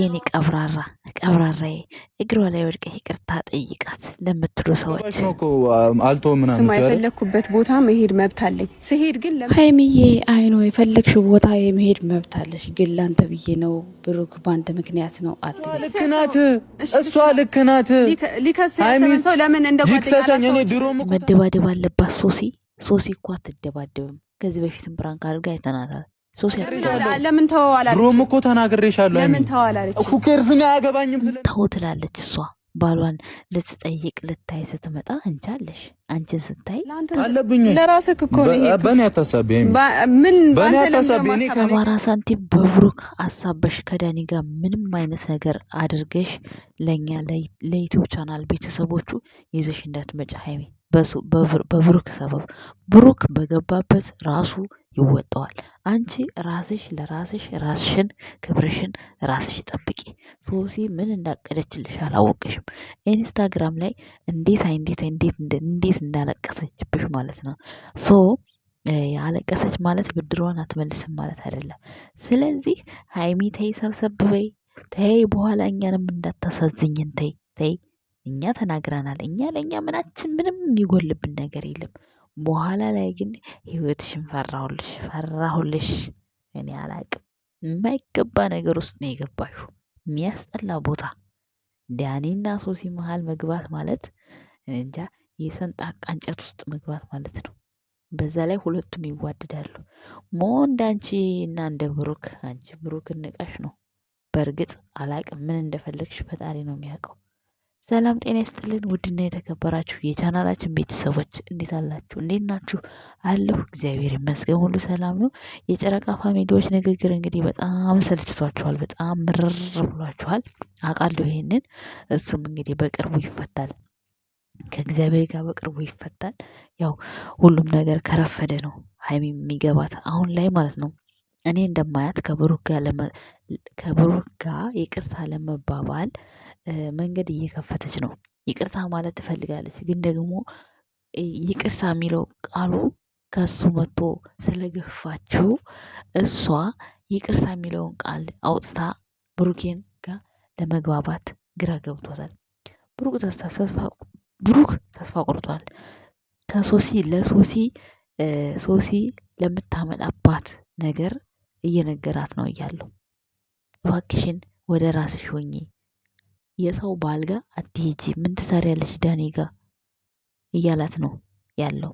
የኔ ቀብራራ ቀብራራዬ እግሯ ላይ ወድቀ ይቅርታ ጠይቃት ለምትሉ ሰዎች አልቶ የፈለግኩበት ቦታ መሄድ መብት አለኝ። ስሄድ ግን ሀይሚዬ፣ አይኖ የፈለግሽ ቦታ የመሄድ መብት አለሽ፣ ግን ላንተ ብዬ ነው ብሩክ፣ በአንተ ምክንያት ነው። ልክ ናት እሷ ልክ መደባደብ አለባት? ሶሲ ሶሲ እኮ አትደባደብም። ከዚህ በፊትም ብራንክ አድርጋ አይተናታል። ለምን ተው አላለች? ሮም እኮ ተናግሬሻለሁ። ለምን ተው አላለች? ሁኬርስ አያገባኝም ስለ ተው ትላለች እሷ ባሏን ልትጠይቅ ልታይ ስትመጣ አንቺ አለሽ። አንቺን ስታይ አለብኝ ለራስህ እኮ በእኔ አታሳቢ ምን አባራ ሳንቲም በብሩክ አሳበሽ ከዳኒ ጋር ምንም አይነት ነገር አድርገሽ ለእኛ ለዩቲዩብ ቻናል ቤተሰቦቹ ይዘሽ እንዳትመጪ ሀይሜ በብሩክ ሰበብ ብሩክ በገባበት ራሱ ይወጣዋል። አንቺ ራስሽ ለራስሽ ራስሽን ክብርሽን ራስሽ ጠብቂ። ሶሲ ምን እንዳቀደችልሽ አላወቅሽም። ኢንስታግራም ላይ እንዴት እንዴት እንዴት እንዴት እንዳለቀሰችብሽ ማለት ነው። ሶ ያለቀሰች ማለት ብድሮን አትመልስም ማለት አይደለም። ስለዚህ ሀይሚ ተይ ሰብሰብ በይ ተይ፣ በኋላ እኛንም እንዳታሳዝኝን ተይ ተይ። እኛ ተናግረናል። እኛ ለእኛ ምናችን ምንም የሚጎልብን ነገር የለም። በኋላ ላይ ግን ህይወትሽን ፈራሁልሽ ፈራሁልሽ። እኔ አላቅም የማይገባ ነገር ውስጥ ነው የገባሹ። የሚያስጠላ ቦታ ዳኒና ሶሲ መሀል መግባት ማለት እንጃ የሰንጣቃ እንጨት ውስጥ መግባት ማለት ነው። በዛ ላይ ሁለቱም ይዋደዳሉ። ሞ እንደ አንቺ እና እንደ ብሩክ አንቺ ብሩክ ንቀሽ ነው። በእርግጥ አላቅም ምን እንደፈለግሽ ፈጣሪ ነው የሚያውቀው። ሰላም ጤና ይስጥልን ውድና የተከበራችሁ የቻናላችን ቤተሰቦች እንዴት አላችሁ? እንዴት ናችሁ? አለሁ እግዚአብሔር ይመስገን ሁሉ ሰላም ነው። የጨረቃ ፋሚሊዎች ንግግር እንግዲህ በጣም ሰልችቷችኋል፣ በጣም ምርር ብሏችኋል። አውቃለሁ ይሄንን። እሱም እንግዲህ በቅርቡ ይፈታል፣ ከእግዚአብሔር ጋር በቅርቡ ይፈታል። ያው ሁሉም ነገር ከረፈደ ነው ሀይሚ የሚገባት አሁን ላይ ማለት ነው። እኔ እንደማያት ከብሩክ ጋር ይቅርታ ለመባባል መንገድ እየከፈተች ነው። ይቅርታ ማለት ትፈልጋለች ግን ደግሞ ይቅርታ የሚለው ቃሉ ከሱ መጥቶ ስለገፋችው እሷ ይቅርታ የሚለውን ቃል አውጥታ ብሩኬን ጋር ለመግባባት ግራ ገብቶታል። ብሩክ ተስፋ ቆርጧል። ከሶሲ ለሶሲ ሶሲ ለምታመጣባት ነገር እየነገራት ነው እያለው እባክሽን ወደ ራስሽ ሆኚ የሰው ባል ጋር አትሄጂ፣ ምን ትሰሪያለሽ ዳኔ ጋ እያላት ነው ያለው።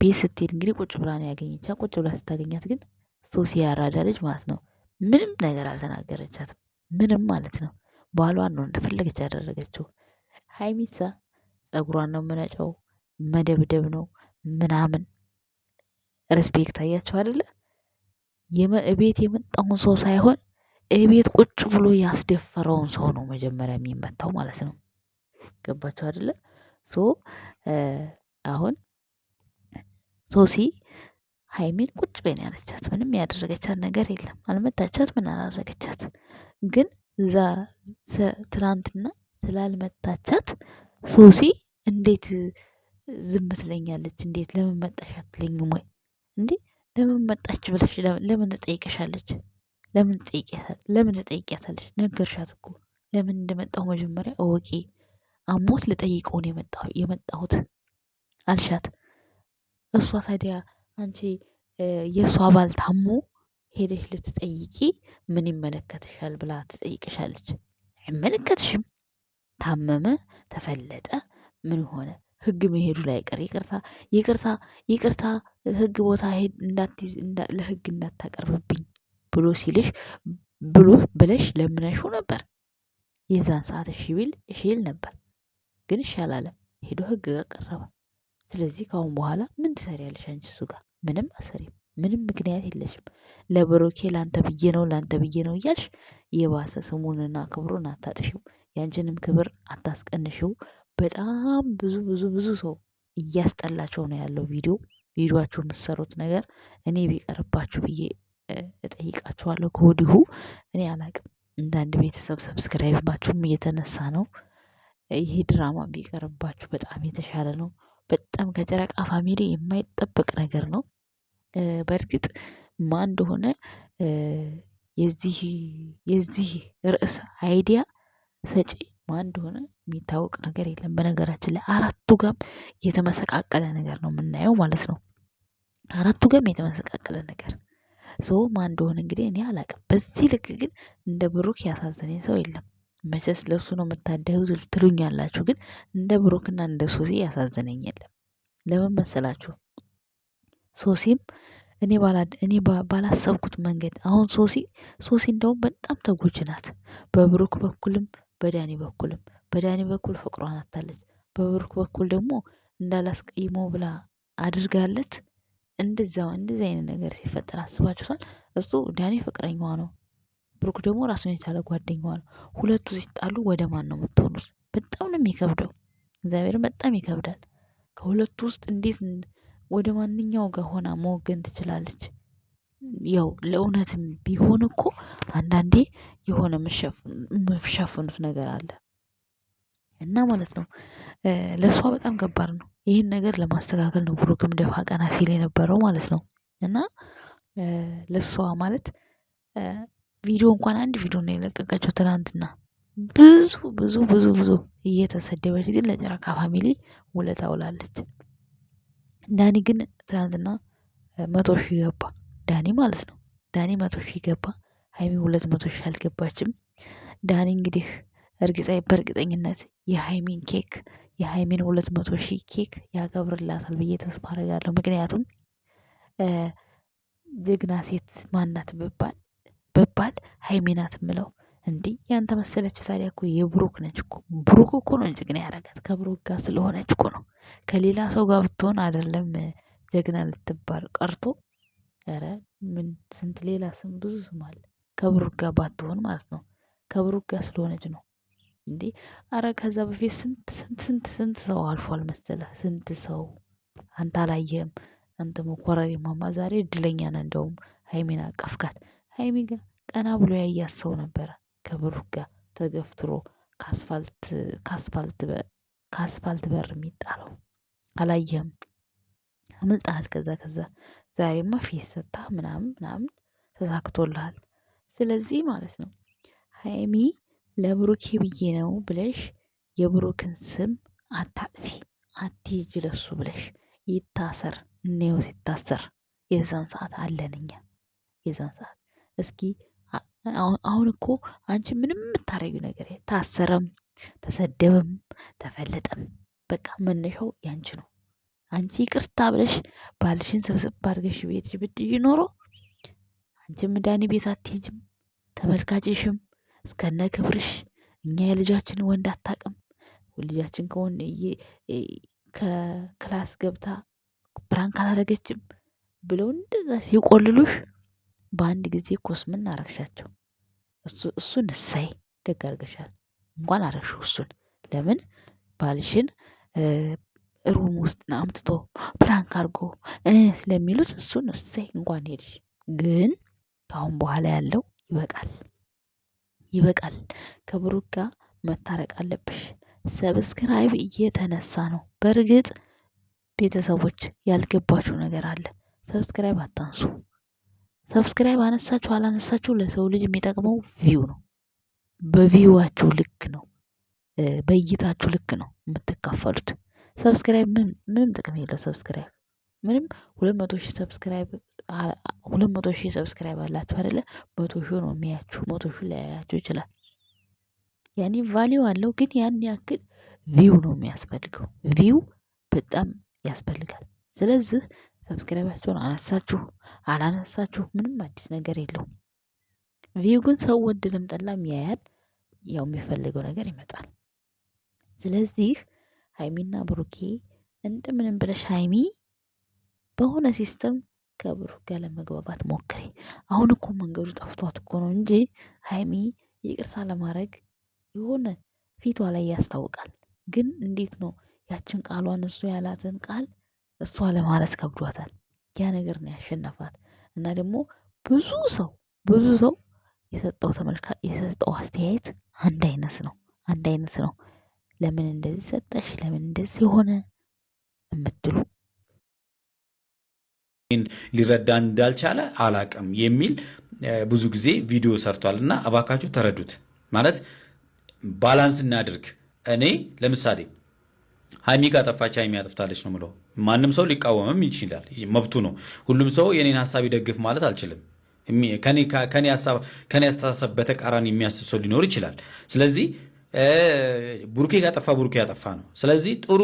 ቤት ስትሄድ እንግዲህ ቁጭ ብላ ነው ያገኘቻ። ቁጭ ብላ ስታገኛት ግን ሶሲ ያራዳ ልጅ ማለት ነው ምንም ነገር አልተናገረቻትም። ምንም ማለት ነው ባሏን ነው እንደፈለገች ያደረገችው። ሀይሚሳ ፀጉሯን ነው መነጨው፣ መደብደብ ነው ምናምን። ሬስፔክት አያቸው አደለ? ቤት የመጣውን ሰው ሳይሆን እቤት ቁጭ ብሎ ያስደፈረውን ሰው ነው መጀመሪያ የሚመታው ማለት ነው። ገባቸው አይደለ? ሶ አሁን ሶሲ ሀይሚን ቁጭ ቤን ያለቻት። ምንም ያደረገቻት ነገር የለም። አልመታቻት፣ ምን አላደረገቻት። ግን እዛ ትናንትና ስላልመታቻት ሶሲ እንዴት ዝም ትለኛለች? እንዴት ለምን መጣሽ አትለኝም ወይ እንዴ? ለምን መጣች ብለሽ ለምን ትጠይቀሻለች? ለምን ጠይቄታል? ለምን ጠይቄታለሽ? ነገርሻት እኮ ለምን እንደመጣሁ መጀመሪያ እወቂ። አሞት ልጠይቀው የመጣሁት አልሻት። እሷ ታዲያ አንቺ የእሷ አባል ታሞ ሄደሽ ልትጠይቂ ምን ይመለከትሻል ብላ ትጠይቅሻለች። አይመለከትሽም። ታመመ፣ ተፈለጠ፣ ምን ሆነ? ህግ መሄዱ ላይ ቀር ይቅርታ ይቅርታ ይቅርታ ህግ ቦታ ለህግ እንዳታቀርብብኝ ብሎ ሲልሽ ብሎ ብለሽ ለምነሽው ነበር። የዛን ሰዓት እሺ ቢል እሺ ይል ነበር፣ ግን እሺ አላለም። ሄዶ ህግ ጋር ቀረበ። ስለዚህ ከአሁን በኋላ ምን ትሰሪያለሽ አንቺ እሱ ጋር? ምንም አሰሪም፣ ምንም ምክንያት የለሽም። ለብሮኬ ላንተ ብዬ ነው ላንተ ብዬ ነው እያልሽ የባሰ ስሙንና ክብሩን አታጥፊው፣ ያንቺንም ክብር አታስቀንሽው። በጣም ብዙ ብዙ ብዙ ሰው እያስጠላቸው ነው ያለው ቪዲዮ ቪዲዮችሁ የምትሰሩት ነገር እኔ ቢቀርባችሁ ብዬ እጠይቃችኋለሁ ከወዲሁ። እኔ አላቅም እንዳንድ ቤተሰብ ቤተሰብ ባችሁም እየተነሳ ነው። ይሄ ድራማ ቢቀርባችሁ በጣም የተሻለ ነው። በጣም ከጨረቃ ፋሚሊ የማይጠበቅ ነገር ነው። በእርግጥ ማን እንደሆነ የዚህ የዚህ ርዕስ አይዲያ ሰጪ ማን እንደሆነ የሚታወቅ ነገር የለም። በነገራችን ላይ አራቱ ጋም የተመሰቃቀለ ነገር ነው የምናየው ማለት ነው። አራቱ ጋም የተመሰቃቀለ ነገር ሰው ማን እንደሆነ እንግዲህ እኔ አላቅም በዚህ ልክ ግን እንደ ብሩክ ያሳዘነኝ ሰው የለም። መቼስ ለእሱ ነው የምታደዩት ትሉኛላችሁ፣ ግን እንደ ብሩክና እንደ ሶሲ ያሳዘነኝ የለም። ለምን መሰላችሁ? ሶሲም እኔ እኔ ባላሰብኩት መንገድ አሁን ሶሲ ሶሲ እንደውም በጣም ተጎጂ ናት። በብሩክ በኩልም በዳኒ በኩልም በዳኒ በኩል ፍቅሯን አታለች፣ በብሩክ በኩል ደግሞ እንዳላስቀይሞ ብላ አድርጋለት እንደዛው እንደዚህ አይነት ነገር ሲፈጠር አስባችሁታል? እሱ ዳኒ ፍቅረኛዋ ነው፣ ብሩክ ደግሞ ራሱን የቻለ ጓደኛዋ ነው። ሁለቱ ሲጣሉ ወደ ማን ነው የምትሆኑት? በጣም ነው የሚከብደው። እግዚአብሔር በጣም ይከብዳል። ከሁለቱ ውስጥ እንዴት ወደ ማንኛው ጋር ሆና መወገን ትችላለች? ያው ለእውነትም ቢሆን እኮ አንዳንዴ የሆነ የምትሸፍኑት ነገር አለ። እና ማለት ነው ለእሷ በጣም ከባድ ነው። ይህን ነገር ለማስተካከል ነው ብሩክም ደፋ ቀና ሲል የነበረው ማለት ነው። እና ለእሷ ማለት ቪዲዮ እንኳን አንድ ቪዲዮ ነው የለቀቀችው ትናንትና ብዙ ብዙ ብዙ ብዙ እየተሰደበች ግን ለጨረቃ ፋሚሊ ውለታ ውላለች። ዳኒ ግን ትናንትና መቶ ሺህ ገባ ዳኒ ማለት ነው። ዳኒ መቶ ሺህ ገባ። ሀይሚ ሁለት መቶ ሺህ አልገባችም። ዳኒ እንግዲህ እርግጠ በእርግጠኝነት የሃይሚን ኬክ የሃይሚን ሁለት መቶ ሺህ ኬክ ያገብርላታል ብዬ ተስፋ አደርጋለሁ። ምክንያቱም ጀግና ሴት ማናት ብባል ብባል ሃይሚናት ናት እንዲህ ያንተ መሰለች። ታዲያ እኮ የብሩክ ነች እኮ ብሩክ እኮ ነው ጀግና ያደረጋት ከብሩክ ጋር ስለሆነች እኮ ነው። ከሌላ ሰው ጋር ብትሆን አይደለም ጀግና ልትባል ቀርቶ ኧረ ምን ስንት ሌላ ስም ብዙ ስም አለ። ከብሩክ ጋር ባትሆን ማለት ነው። ከብሩክ ጋር ስለሆነች ነው እንዴ አረ ከዛ በፊት ስንት ስንት ስንት ስንት ሰው አልፏል አልመሰለ ስንት ሰው አንተ አላየህም አንተ ማማ ዛሬ እድለኛ ነህ እንደውም ሃይሜን አቀፍካት ሃይሜ ጋር ቀና ብሎ ያያት ሰው ነበረ ከብሩክ ጋር ተገፍትሮ ከአስፋልት ከአስፋልት ከአስፋልት በር የሚጣለው አላየህም አምልጠሃል ከዛ ከዛ ዛሬማ ፊት ሰታ ምናምን ምናምን ተሳክቶልሃል ስለዚህ ማለት ነው ሃይሚ ለብሩኬ ብዬ ነው ብለሽ የብሩክን ስም አታጥፊ። አትይጅ ለሱ ብለሽ ይታሰር። እኔው ሲታሰር የዛን ሰዓት አለን እኛ የዛን ሰዓት እስኪ አሁን እኮ አንቺ ምንም የምታረዩ ነገር ታሰረም፣ ተሰደበም፣ ተፈለጠም በቃ መነሻው ያንቺ ነው። አንቺ ይቅርታ ብለሽ ባልሽን ሰብሰብ አድርገሽ ቤትሽ ብትይ ኖሮ አንቺም ዳኒ ቤት አትሄጅም፣ ተመልካችሽም እስከነ ክብርሽ እኛ የልጃችንን ወንድ አታቅም። ልጃችን ከሆን ከክላስ ገብታ ብራንክ አላደረገችም ብለው እንደዛ ሲቆልሉሽ በአንድ ጊዜ ኮስምን አረግሻቸው። እሱን እሰይ ደግ አርገሻል። እንኳን አረግሽው እሱን ለምን ባልሽን ሩም ውስጥ አምጥቶ ፕራንክ አድርጎ ስለሚሉት እሱን እሰይ እንኳን ሄድሽ። ግን ከአሁን በኋላ ያለው ይበቃል ይበቃል። ከብሩክ ጋር መታረቅ አለብሽ። ሰብስክራይብ እየተነሳ ነው። በእርግጥ ቤተሰቦች ያልገባችሁ ነገር አለ። ሰብስክራይብ አታንሱ። ሰብስክራይብ አነሳችሁ አላነሳችሁ ለሰው ልጅ የሚጠቅመው ቪው ነው። በቪዋችሁ ልክ ነው፣ በእይታችሁ ልክ ነው የምትካፈሉት። ሰብስክራይብ ምንም ጥቅም የለው። ሰብስክራይብ ምንም ሁለት መቶ ሺህ ሰብስክራይብ ሁለት መቶ ሺህ ሰብስክራይብ አላችሁ አይደለ? መቶ ሺህ ነው የሚያችሁ፣ መቶ ሺህ ላያያችሁ ይችላል። ያኔ ቫሊው አለው፣ ግን ያን ያክል ቪው ነው የሚያስፈልገው። ቪው በጣም ያስፈልጋል። ስለዚህ ሰብስክራይባቸውን አነሳችሁ አላነሳችሁ ምንም አዲስ ነገር የለውም። ቪው ግን ሰው ወደድም ጠላም ያያል። ያው የሚፈልገው ነገር ይመጣል። ስለዚህ ሀይሚና ብሩኬ እንደምንም ብለሽ ሀይሚ በሆነ ሲስተም ከብሩክ ጋር ለመግባባት ሞክሬ። አሁን እኮ መንገዱ ጠፍቷት እኮ ነው እንጂ ሀይሚ ይቅርታ ለማድረግ የሆነ ፊቷ ላይ ያስታውቃል። ግን እንዴት ነው ያችን ቃሏን እሱ ያላትን ቃል እሷ ለማለት ከብዷታል። ያ ነገር ነው ያሸነፋት። እና ደግሞ ብዙ ሰው ብዙ ሰው የሰጠው ተመልካ የሰጠው አስተያየት አንድ አይነት ነው አንድ አይነት ነው። ለምን እንደዚህ ሰጠሽ፣ ለምን እንደዚህ የሆነ የምትሉ ሊረዳ እንዳልቻለ አላቅም የሚል ብዙ ጊዜ ቪዲዮ ሰርቷል። እና እባካችሁ ተረዱት። ማለት ባላንስ እናድርግ። እኔ ለምሳሌ ሀይሚ ካጠፋች ሀይሚ ያጠፍታለች ነው ምለው። ማንም ሰው ሊቃወምም ይችላል፣ መብቱ ነው። ሁሉም ሰው የኔን ሀሳብ ይደግፍ ማለት አልችልም። ከኔ አስተሳሰብ በተቃራኒ የሚያስብ ሰው ሊኖር ይችላል። ስለዚህ ቡርኬ ካጠፋ ቡርኬ ያጠፋ ነው። ስለዚህ ጥሩ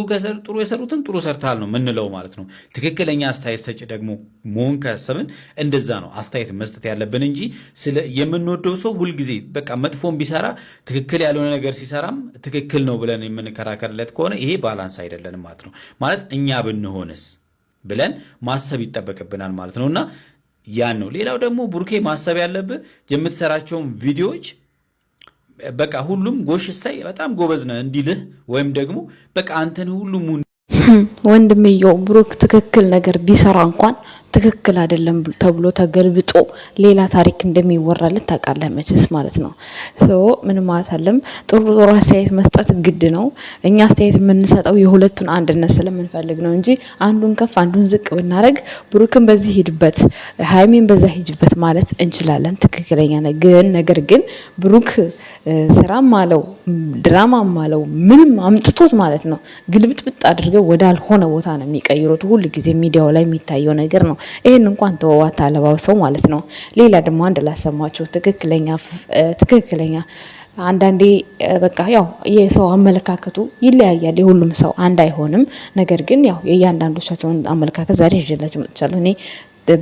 ጥሩ የሰሩትን ጥሩ ሰርታል ነው ምንለው ማለት ነው። ትክክለኛ አስተያየት ሰጪ ደግሞ መሆን ካሰብን እንደዛ ነው አስተያየት መስጠት ያለብን እንጂ የምንወደው ሰው ሁልጊዜ በቃ መጥፎን ቢሰራ ትክክል ያልሆነ ነገር ሲሰራም ትክክል ነው ብለን የምንከራከርለት ከሆነ ይሄ ባላንስ አይደለንም ማለት ነው። ማለት እኛ ብንሆንስ ብለን ማሰብ ይጠበቅብናል ማለት ነው እና ያን ነው። ሌላው ደግሞ ቡርኬ ማሰብ ያለብህ የምትሰራቸውን ቪዲዮዎች በቃ ሁሉም ጎሽ እሰይ በጣም ጎበዝ ነህ እንዲልህ ወይም ደግሞ በቃ አንተን ሁሉም ወንድምየው ብሩክ ትክክል ነገር ቢሰራ እንኳን ትክክል አይደለም ተብሎ ተገልብጦ ሌላ ታሪክ እንደሚወራለት ታውቃለህ መችስ ማለት ነው። ምንም ማለት አለም ጥሩ ጥሩ አስተያየት መስጠት ግድ ነው። እኛ አስተያየት የምንሰጠው የሁለቱን አንድነት ስለምንፈልግ ነው እንጂ አንዱን ከፍ አንዱን ዝቅ ብናደረግ ብሩክን በዚህ ሂድበት፣ ሀይሚን በዛ ሂድበት ማለት እንችላለን። ትክክለኛ ግን ነገር ግን ብሩክ ስራም አለው ድራማም አለው ምንም አምጥቶት ማለት ነው ግልብጥብጥ አድርገው ወዳልሆነ ቦታ ነው የሚቀይሩት። ሁል ጊዜ ሚዲያው ላይ የሚታየው ነገር ነው። ይህን እንኳን ተወዋት አለባብሰው ማለት ነው። ሌላ ደግሞ አንድ ላሰማቸው ትክክለኛ ትክክለኛ አንዳንዴ በቃ ያው የሰው አመለካከቱ ይለያያል። የሁሉም ሰው አንድ አይሆንም። ነገር ግን ያው የእያንዳንዶቻቸውን አመለካከት ዛሬ ይዤላቸው መጥቻለሁ። እኔ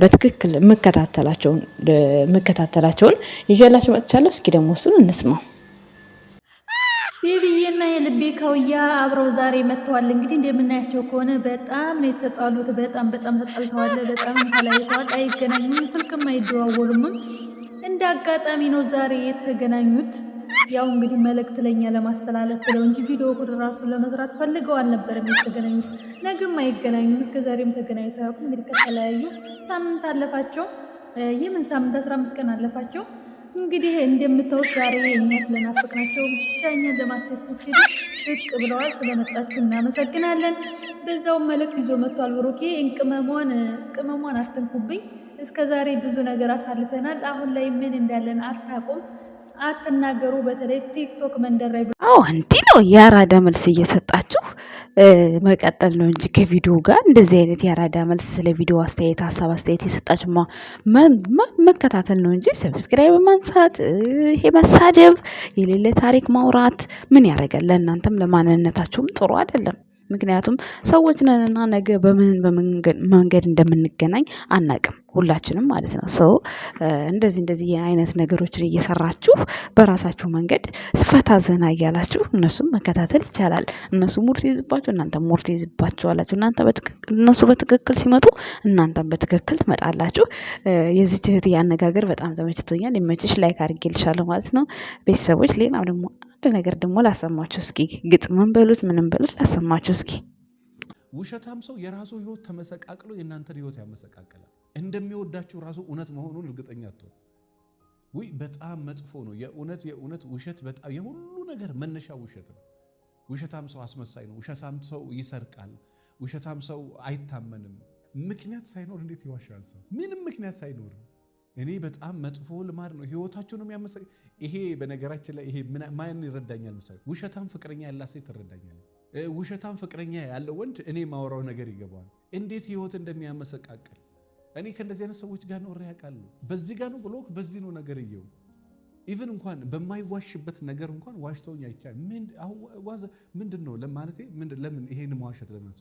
በትክክል የምከታተላቸውን ይዤላቸው መጥቻለሁ። እስኪ ደግሞ እሱን እንስማው። ቲቪዬና የልቤ ካውያ አብረው ዛሬ መጥተዋል። እንግዲህ እንደምናያቸው ከሆነ በጣም ነው የተጣሉት። በጣም በጣም ተጣልተዋል። በጣም ተለያይተዋል። አይገናኙም፣ ስልክም አይደዋወሉምም። እንደ አጋጣሚ ነው ዛሬ የተገናኙት። ያው እንግዲህ መልእክት ለኛ ለማስተላለፍ ብለው እንጂ ቪዲዮ ጉድ ራሱ ለመስራት ፈልገው አልነበረም የተገናኙት። ነግም አይገናኙም። እስከ ዛሬም ተገናኝተው አያውቁም። እንግዲህ ከተለያዩ ሳምንት አለፋቸው። የምን ሳምንት አስራ አምስት ቀን አለፋቸው። እንግዲህ እንደምታወቅ ዛሬ እኛ ስለናፈቅናቸው ብቻ እኛን ለማስደሰት ሲሉ ብቅ ብለዋል። ስለመጣችሁ እናመሰግናለን። በዛውም መልእክት ይዞ መጥቷል ብሩኬ። ቅመሟን ቅመሟን አትንኩብኝ። እስከ ዛሬ ብዙ ነገር አሳልፈናል። አሁን ላይ ምን እንዳለን አታውቁም። አትናገሩ። በተለይ ቲክቶክ መንደር ላይ አዎ፣ እንዲህ ነው የአራዳ መልስ እየሰጣችሁ መቀጠል ነው እንጂ ከቪዲዮ ጋር እንደዚህ አይነት የአራዳ መልስ ስለ ቪዲዮ አስተያየት፣ ሀሳብ አስተያየት የሰጣችሁ መከታተል ነው እንጂ ሰብስክራይብ ማንሳት፣ ይሄ መሳደብ፣ የሌለ ታሪክ ማውራት ምን ያደርጋል? ለእናንተም ለማንነታችሁም ጥሩ አይደለም። ምክንያቱም ሰዎች ነንና ነገ በምን በመንገድ እንደምንገናኝ አናቅም። ሁላችንም ማለት ነው። ሰው እንደዚህ እንደዚህ አይነት ነገሮችን እየሰራችሁ በራሳችሁ መንገድ ፈታ ዘና እያላችሁ እነሱም መከታተል ይቻላል። እነሱ ሙድ ሲይዝባችሁ እናንተ ሙድ አላችሁ። እናንተ እነሱ በትክክል ሲመጡ እናንተም በትክክል ትመጣላችሁ። የዚች እህት አነጋገር በጣም ተመችቶኛል። ይመችሽ። ላይክ አድርጌልሻለሁ ማለት ነው ቤተሰቦች። ሌላም ደግሞ አንድ ነገር ደግሞ ላሰማችሁ እስኪ፣ ግጥምን በሉት ምንም በሉት ላሰማችሁ እስኪ ውሸታም ሰው የራሱ ህይወት ተመሰቃቅሎ የእናንተን ህይወት ያመሰቃቅላል። እንደሚወዳችሁ ራሱ እውነት መሆኑን እርግጠኛ ትሆን ውይ፣ በጣም መጥፎ ነው። የእውነት የእውነት ውሸት በጣም የሁሉ ነገር መነሻ ውሸት ነው። ውሸታም ሰው አስመሳይ ነው። ውሸታም ሰው ይሰርቃል። ውሸታም ሰው አይታመንም። ምክንያት ሳይኖር እንዴት ይዋሻል ሰው? ምንም ምክንያት ሳይኖር እኔ በጣም መጥፎ ልማድ ነው። ህይወታችሁን ያመሰ ይሄ በነገራችን ላይ ይሄ ማን ይረዳኛል? ምሳሌ ውሸታም ፍቅረኛ ያላት ሴት ትረዳኛለች። ውሸታም ፍቅረኛ ያለው ወንድ እኔ የማወራው ነገር ይገባዋል፣ እንዴት ህይወት እንደሚያመሰቃቅል። እኔ ከእንደዚህ አይነት ሰዎች ጋር ኖሬ ያውቃለሁ። በዚህ ጋር ነው ብሎክ፣ በዚህ ነው ነገር እየው ኢቨን እንኳን በማይዋሽበት ነገር እንኳን ዋሽተውኝ አይቻልም። ምንድን ነው ለማለት ለምን ይሄን መዋሸት ለምን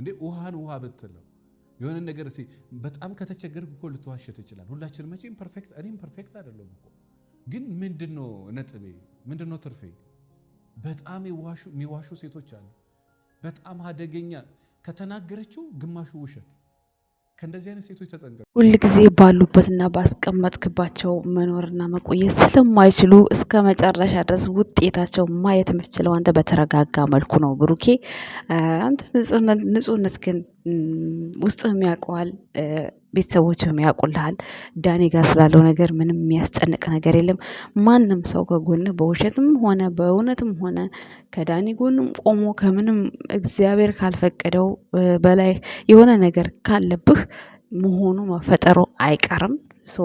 እንዴ? ውሃን ውሃ ብትለው የሆነ ነገር ሲ በጣም ከተቸገርክ እኮ ልትዋሸት ይችላል። ሁላችን መቼም ፐርፌክት፣ እኔም ፐርፌክት አይደለሁም እኮ ግን ምንድን ነው ነጥቤ? ምንድን ነው ትርፌ? በጣም የሚዋሹ ሴቶች አሉ። በጣም አደገኛ ከተናገረችው ግማሹ ውሸት። ከእንደዚህ አይነት ሴቶች ተጠንቀቁ። ሁልጊዜ ባሉበትና ባስቀመጥክባቸው መኖርና መቆየት ስለማይችሉ እስከ መጨረሻ ድረስ ውጤታቸው ማየት የምችለው አንተ በተረጋጋ መልኩ ነው ብሩኬ። አንተ ንጹህነት ግን ውስጥህም ያውቀዋል። ቤተሰቦችም ያውቁልሃል። ዳኒ ጋር ስላለው ነገር ምንም የሚያስጨንቅ ነገር የለም። ማንም ሰው ከጎን በውሸትም ሆነ በእውነትም ሆነ ከዳኒ ጎንም ቆሞ ከምንም እግዚአብሔር ካልፈቀደው በላይ የሆነ ነገር ካለብህ መሆኑ መፈጠሩ አይቀርም። ሶ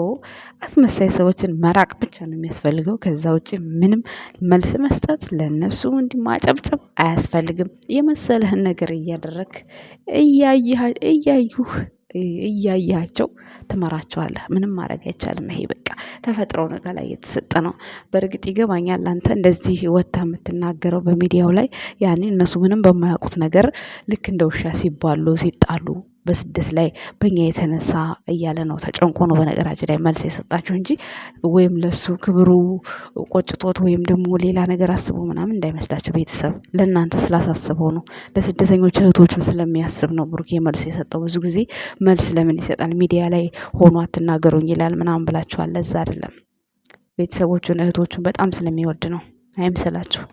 አስመሳይ ሰዎችን መራቅ ብቻ ነው የሚያስፈልገው። ከዛ ውጭ ምንም መልስ መስጠት ለእነሱ እንዲህ ማጨብጨብ አያስፈልግም። የመሰለህን ነገር እያደረግ እያዩህ እያያቸው ትመራቸዋለህ። ምንም ማድረግ አይቻልም። ይሄ በቃ ተፈጥሮ ነገር ላይ የተሰጠ ነው። በእርግጥ ይገባኛል ላንተ እንደዚህ ወታ የምትናገረው በሚዲያው ላይ ያኔ እነሱ ምንም በማያውቁት ነገር ልክ እንደ ውሻ ሲባሉ ሲጣሉ በስደት ላይ በኛ የተነሳ እያለ ነው ተጨንቆ ነው በነገራችን ላይ መልስ የሰጣቸው እንጂ ወይም ለሱ ክብሩ ቆጭቶት ወይም ደግሞ ሌላ ነገር አስቦ ምናምን እንዳይመስላችሁ። ቤተሰብ ለእናንተ ስላሳስበው ነው፣ ለስደተኞች እህቶችም ስለሚያስብ ነው ብሩኬ መልስ የሰጠው። ብዙ ጊዜ መልስ ለምን ይሰጣል ሚዲያ ላይ ሆኖ አትናገሩኝ ይላል ምናምን ብላችኋል። ለዛ አይደለም ቤተሰቦቹን እህቶቹን በጣም ስለሚወድ ነው አይምሰላችሁ።